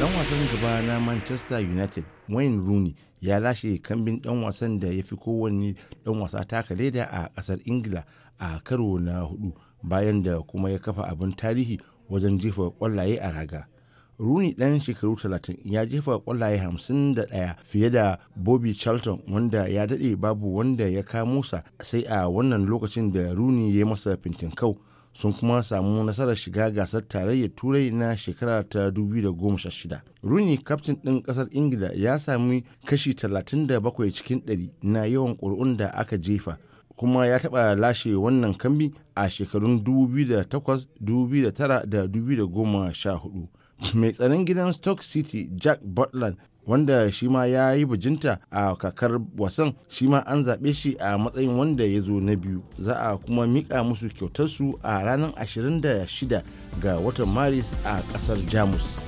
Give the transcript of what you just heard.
dan wasan gaba na manchester united wayne rooney ya lashe kambin dan wasan da ya fi kowanne dan wasa taka leda a kasar ingila a karo na hudu bayan da kuma ya kafa abin tarihi wajen jefa kwallaye a raga rooney dan shekaru 30 ya jefa kwallaye 51 fiye da bobby charlton wanda ya dade babu wanda ya kamo sa sai a wannan lokacin da rooney ya masa kau. sun kuma samu nasarar shiga gasar tarayyar turai na shekara ta 2016 rooney kaftin ɗin ƙasar ingila ya sami kashi 37 cikin 100 na yawan ƙuri'un da aka jefa kuma ya taɓa lashe wannan kambi a shekarun 2008 2009 da 2014 mai tsaron gidan stock city jack butland wanda shi ma ya yi bijinta a kakar wasan shi ma an zaɓe shi a matsayin wanda ya zo na biyu za a kuma miƙa musu kyautarsu a ranar 26 ga watan maris a ƙasar jamus.